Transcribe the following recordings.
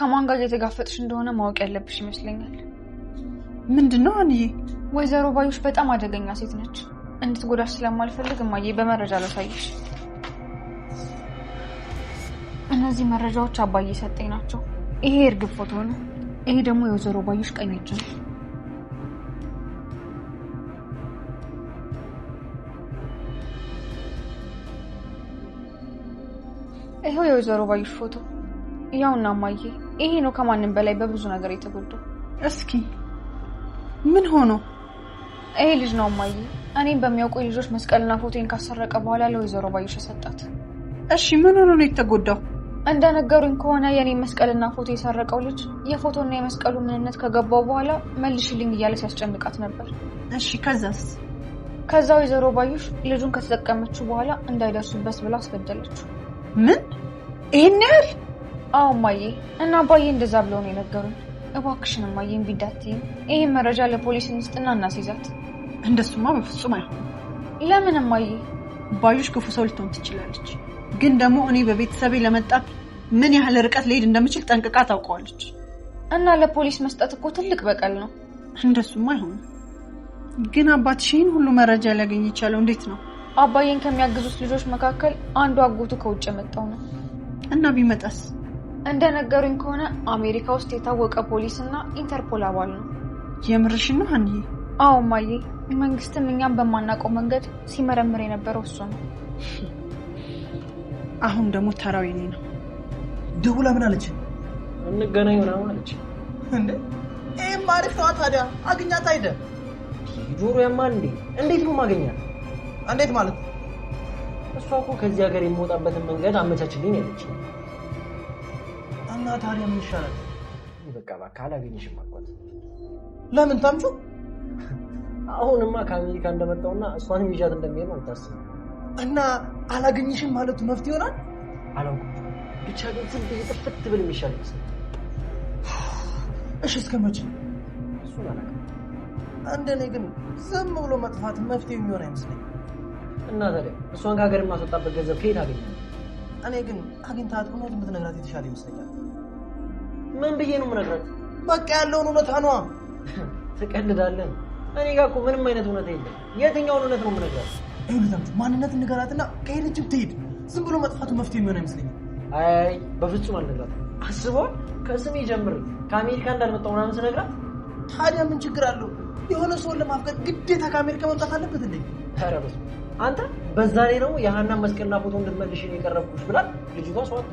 ከማን ጋር እየተጋፈጥሽ እንደሆነ ማወቅ ያለብሽ ይመስለኛል። ምንድን ነው አንዬ? ወይዘሮ ባዩሽ በጣም አደገኛ ሴት ነች። እንድትጎዳሽ ስለማልፈልግ እማዬ በመረጃ ላሳይሽ። እነዚህ መረጃዎች አባዬ ሰጠኝ ናቸው። ይሄ የእርግብ ፎቶ ነው። ይሄ ደግሞ የወይዘሮ ባዩሽ ቀኝ እጅ ነው። ይኸው የወይዘሮ ባዩሽ ፎቶ ያውና ማዬ፣ ይሄ ነው ከማንም በላይ በብዙ ነገር የተጎዳው። እስኪ ምን ሆኖ? ይሄ ልጅ ነው ማዬ። እኔም በሚያውቁ ልጆች መስቀልና ፎቶን ካሰረቀ በኋላ ለወይዘሮ ባዩሽ ሰጣት። እሺ ምን ሆኖ ነው የተጎዳው? እንደነገሩኝ ከሆነ የኔ መስቀልና ፎቶ የሰረቀው ልጅ የፎቶና የመስቀሉ ምንነት ከገባው በኋላ መልሽልኝ እያለ ሲያስጨንቃት ነበር። እሺ ከዛስ? ከዛ ወይዘሮ ባዩሽ ልጁን ከተጠቀመችው በኋላ እንዳይደርሱበት ብላ አስገደለችው። ምን ይህን ያህል አዎ እማዬ እና አባዬ እንደዛ ብለው ነው የነገሩን። እባክሽን እማዬ ቢዳት ይህን መረጃ ለፖሊስ እንስጥና እናስይዛት። እንደሱማ በፍጹም አይሆንም። ለምን እማዬ? ባዩሽ ክፉ ሰው ልትሆን ትችላለች፣ ግን ደግሞ እኔ በቤተሰቤ ለመጣት ምን ያህል ርቀት ልሄድ እንደምችል ጠንቅቃ ታውቀዋለች። እና ለፖሊስ መስጠት እኮ ትልቅ በቀል ነው። እንደሱማ አይሆንም። ግን አባትሽ ይህን ሁሉ መረጃ ሊያገኝ የቻለው እንዴት ነው? አባዬን ከሚያግዙት ልጆች መካከል አንዱ አጎቱ ከውጭ የመጣው ነው። እና ቢመጣስ እንደነገሩኝ ከሆነ አሜሪካ ውስጥ የታወቀ ፖሊስ እና ኢንተርፖል አባል ነው። የምርሽ ነው አንዬ? አዎ ማዬ፣ መንግስትም እኛም በማናውቀው መንገድ ሲመረምር የነበረው እሱ ነው። አሁን ደግሞ ተራው የኔ ነው። ደውላ ምን አለች? እንገናኝ ምናምን አለች። እንዴ ይህም ማሪፍ ነዋ። ታዲያ አግኛት አይደ ጆሮ ያማ እንዴ! እንዴት ነው ማገኛ? እንዴት ማለት እሷ እኮ ከዚህ ሀገር የምወጣበትን መንገድ አመቻችልኝ ያለች እና ታዲያ ምን ይሻላል? በቃ እባክህ አላገኝሽም አልኳት። ለምን ታምጩ? አሁንማ ከአሜሪካ እንደመጣውና እሷን ይዣት እንደሚሄድ ነው ታስብ እና አላገኝሽም ማለቱ መፍትሄ ይሆናል? አላውቅም ብቻ ግን ስንት ጥፍት ብል የሚሻል ይመስል። እሺ እስከ መቼ? እሱን እንደኔ ግን ዝም ብሎ መጥፋት መፍትሄ የሚሆን አይመስለኝ። እና ታዲያ እሷን ከሀገር የማስወጣበት ገንዘብ ከየት አገኛለሁ? እኔ ግን አግኝታት እውነት የምትነግራት የተሻለ ይመስለኛል። ምን ብዬ ነው የምነግራት? በቃ ያለውን እውነታ ነዋ። ትቀልዳለህ። እኔ ጋር እኮ ምንም አይነት እውነት የለም። የትኛውን እውነት ነው የምነግራት? ይኸውልህ ማንነት ንገራትና ከሄደችም ትሄድ። ዝም ብሎ መጥፋቱ መፍትሄ የሚሆን አይመስለኝም። አይ በፍጹም አልነግራት። አስበዋል። ከስሜ ጀምር ከአሜሪካ እንዳልመጣሁ ምናምን ስነግራት ታዲያ ምን ችግር አለው? የሆነ ሰውን ለማፍቀድ ግዴታ ከአሜሪካ መምጣት አለበት እንዴ? ኧረ በስመ አብ አንተ በዛ ላይ ደግሞ የሀናን መስቀልና ፎቶ እንድትመልሽ የቀረብኩሽ ብላል ልጅቷ ሰዋት።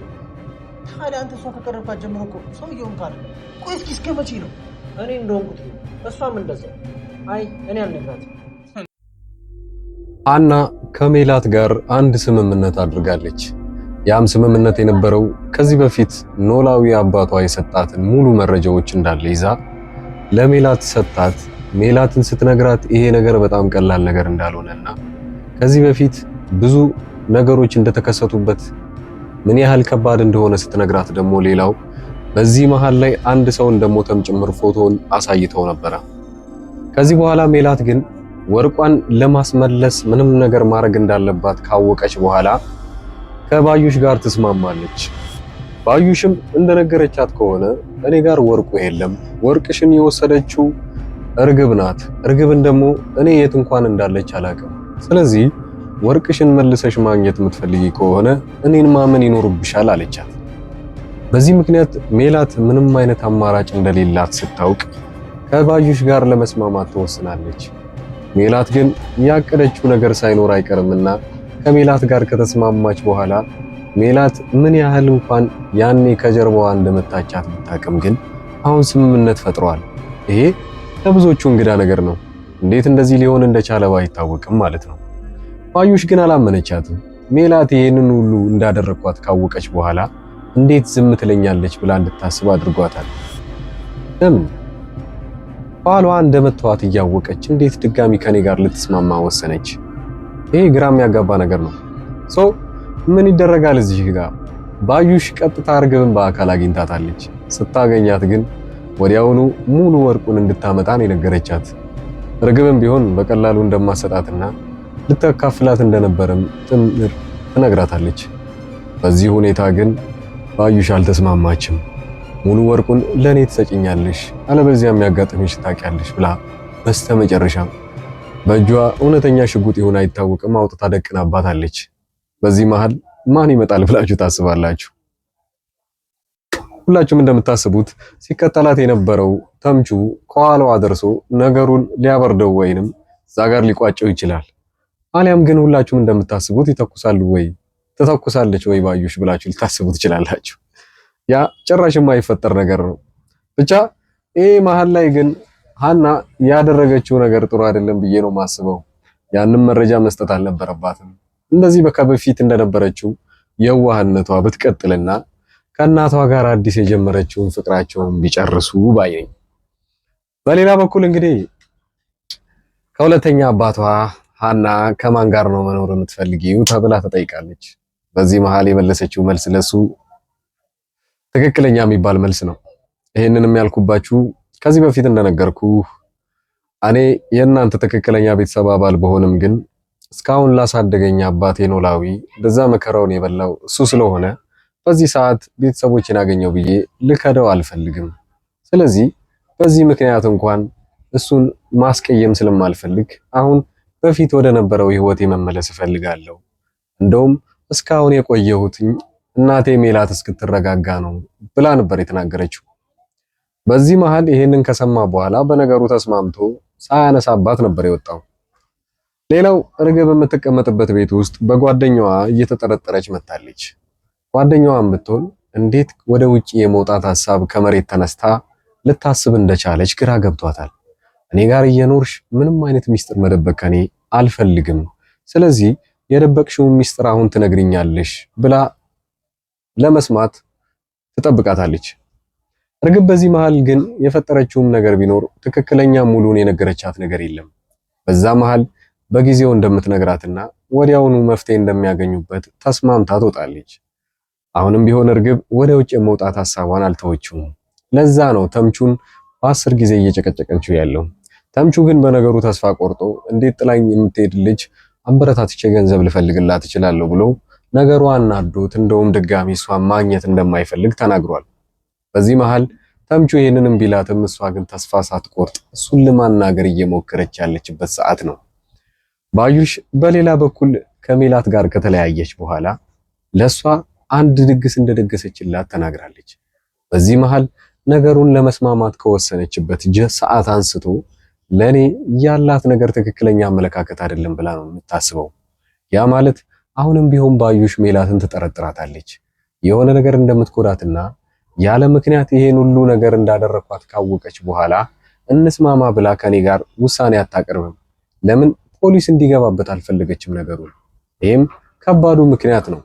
ታዲያ አንተ እሷ ከቀረብካት ጀምሮ እኮ ሰውየውን ካለ ቆይ እስኪ እስከ መቼ ነው እኔ እንደሆንኩት እሷም እንደዛ አይ እኔ አልነግራት አና ከሜላት ጋር አንድ ስምምነት አድርጋለች። ያም ስምምነት የነበረው ከዚህ በፊት ኖላዊ አባቷ የሰጣትን ሙሉ መረጃዎች እንዳለ ይዛ ለሜላት ሰጣት። ሜላትን ስትነግራት ይሄ ነገር በጣም ቀላል ነገር እንዳልሆነና ከዚህ በፊት ብዙ ነገሮች እንደተከሰቱበት ምን ያህል ከባድ እንደሆነ ስትነግራት ደግሞ ሌላው በዚህ መሃል ላይ አንድ ሰው እንደሞተም ጭምር ፎቶውን አሳይተው ነበረ። ከዚህ በኋላ ሜላት ግን ወርቋን ለማስመለስ ምንም ነገር ማድረግ እንዳለባት ካወቀች በኋላ ከባዩሽ ጋር ትስማማለች። ባዩሽም እንደነገረቻት ከሆነ እኔ ጋር ወርቁ የለም፣ ወርቅሽን የወሰደችው እርግብ ናት። እርግብን ደግሞ እኔ የት እንኳን እንዳለች አላውቅም። ስለዚህ ወርቅሽን መልሰሽ ማግኘት የምትፈልጊ ከሆነ እኔን ማመን ይኖርብሻል አለቻት። በዚህ ምክንያት ሜላት ምንም አይነት አማራጭ እንደሌላት ስታውቅ ከባዩሽ ጋር ለመስማማት ትወስናለች። ሜላት ግን ያቀደችው ነገር ሳይኖር አይቀርምና ከሜላት ጋር ከተስማማች በኋላ ሜላት ምን ያህል እንኳን ያኔ ከጀርባዋ እንደመታቻት ብታቅም ግን አሁን ስምምነት ፈጥሯል። ይሄ ለብዙዎቹ እንግዳ ነገር ነው። እንዴት እንደዚህ ሊሆን እንደቻለ ባይታወቅም ማለት ነው። ባዩሽ ግን አላመነቻትም። ሜላት ይህንን ሁሉ እንዳደረኳት ካወቀች በኋላ እንዴት ዝም ትለኛለች ብላ እንድታስብ አድርጓታል። ለምን ባሏ እንደመተዋት እያወቀች እንዴት ድጋሚ ከኔ ጋር ልትስማማ ወሰነች? ይሄ ግራ የሚያጋባ ነገር ነው። ሶ ምን ይደረጋል እዚህ ጋር ባዩሽ ቀጥታ እርግብን በአካል አግኝታታለች። ስታገኛት ግን ወዲያውኑ ሙሉ ወርቁን እንድታመጣን የነገረቻት ርግብም ቢሆን በቀላሉ እንደማሰጣትና ልታካፍላት እንደነበረም ጥምር ትነግራታለች። በዚህ ሁኔታ ግን ባዩሽ አልተስማማችም። ሙሉ ወርቁን ለእኔ ትሰጭኛለሽ፣ አለበዚያ ያጋጥምሽ ታውቂያለሽ ብላ በስተመጨረሻም በእጇ እውነተኛ ሽጉጥ ይሁን አይታወቅም አውጥታ ደቅናባታለች። በዚህ መሃል ማን ይመጣል ብላችሁ ታስባላችሁ? ሁላችሁም እንደምታስቡት ሲከተላት የነበረው ተምቹ ከኋላዋ ደርሶ ነገሩን ሊያበርደው ወይንም እዛ ጋር ሊቋጨው ይችላል። አሊያም ግን ሁላችሁም እንደምታስቡት ይተኩሳሉ ወይ ትተኩሳለች ወይ ባዩሽ ብላችሁ ልታስቡ ትችላላችሁ። ያ ጭራሽ የማይፈጠር ነገር ነው። ብቻ ይሄ መሀል ላይ ግን ሀና ያደረገችው ነገር ጥሩ አይደለም ብዬ ነው ማስበው። ያንም መረጃ መስጠት አልነበረባትም። እንደዚህ በቃ እንደነበረችው የዋህነቷ ብትቀጥልና ከእናቷ ጋር አዲስ የጀመረችውን ፍቅራቸውን ቢጨርሱ ባይኝ። በሌላ በኩል እንግዲህ ከሁለተኛ አባቷ ሀና ከማን ጋር ነው መኖር የምትፈልጊው ተብላ ተጠይቃለች። በዚህ መሀል የመለሰችው መልስ ለሱ ትክክለኛ የሚባል መልስ ነው። ይሄንን የሚያልኩባችሁ ከዚህ በፊት እንደነገርኩ እኔ የእናንተ ትክክለኛ ቤተሰብ አባል በሆንም ግን እስካሁን ላሳደገኝ አባቴ ኖላዊ በዛ መከራውን የበላው እሱ ስለሆነ በዚህ ሰዓት ቤተሰቦችን አገኘው ብዬ ልከደው አልፈልግም። ስለዚህ በዚህ ምክንያት እንኳን እሱን ማስቀየም ስለማልፈልግ አሁን በፊት ወደ ነበረው ህይወቴ መመለስ እፈልጋለሁ። እንደውም እስካሁን የቆየሁት እናቴ ሜላት እስክትረጋጋ ነው ብላ ነበር የተናገረችው። በዚህ መሃል ይሄንን ከሰማ በኋላ በነገሩ ተስማምቶ ሳያነሳባት ነበር የወጣው። ሌላው ርግብ የምትቀመጥበት ቤት ውስጥ በጓደኛዋ እየተጠረጠረች መታለች። ጓደኛዋን ብትሆን እንዴት ወደ ውጪ የመውጣት ሀሳብ ከመሬት ተነስታ ልታስብ እንደቻለች ግራ ገብቷታል። እኔ ጋር እየኖርሽ ምንም አይነት ሚስጥር መደበቅ ከኔ አልፈልግም፣ ስለዚህ የደበቅሽውን ሚስጥር አሁን ትነግሪኛለሽ ብላ ለመስማት ትጠብቃታለች። እርግብ በዚህ መሃል ግን የፈጠረችውም ነገር ቢኖር ትክክለኛ ሙሉን የነገረቻት ነገር የለም። በዛ መሃል በጊዜው እንደምትነግራትና ወዲያውኑ መፍትሄ እንደሚያገኙበት ተስማምታ ትወጣለች። አሁንም ቢሆን እርግብ ወደ ውጭ መውጣት ሐሳቧን አልተወችውም። ለዛ ነው ተምቹን በአስር ጊዜ እየጨቀጨቀችው ያለው። ተምቹ ግን በነገሩ ተስፋ ቆርጦ እንዴት ጥላኝ የምትሄድ ልጅ አበረታትቼ ገንዘብ ልፈልግላት እችላለሁ ብሎ ነገሩ አናዶት እንደውም ድጋሚ እሷን ማግኘት እንደማይፈልግ ተናግሯል። በዚህ መሃል ተምቹ ይህንንም ቢላትም እሷ ግን ተስፋ ሳትቆርጥ እሱን ለማናገር እየሞከረች ያለችበት ሰዓት ነው። ባዩሽ በሌላ በኩል ከሜላት ጋር ከተለያየች በኋላ ለሷ አንድ ድግስ እንደደገሰችላት ተናግራለች። በዚህ መሃል ነገሩን ለመስማማት ከወሰነችበት ሰዓት አንስቶ ለኔ ያላት ነገር ትክክለኛ አመለካከት አይደለም ብላ ነው የምታስበው። ያ ማለት አሁንም ቢሆን ባዩሽ ሜላትን ትጠረጥራታለች። የሆነ ነገር እንደምትጎዳትና ያለ ምክንያት ይሄን ሁሉ ነገር እንዳደረኳት ካወቀች በኋላ እንስማማ ብላ ከኔ ጋር ውሳኔ አታቀርብም። ለምን ፖሊስ እንዲገባበት አልፈለገችም ነገሩን። ይህም ከባዱ ምክንያት ነው።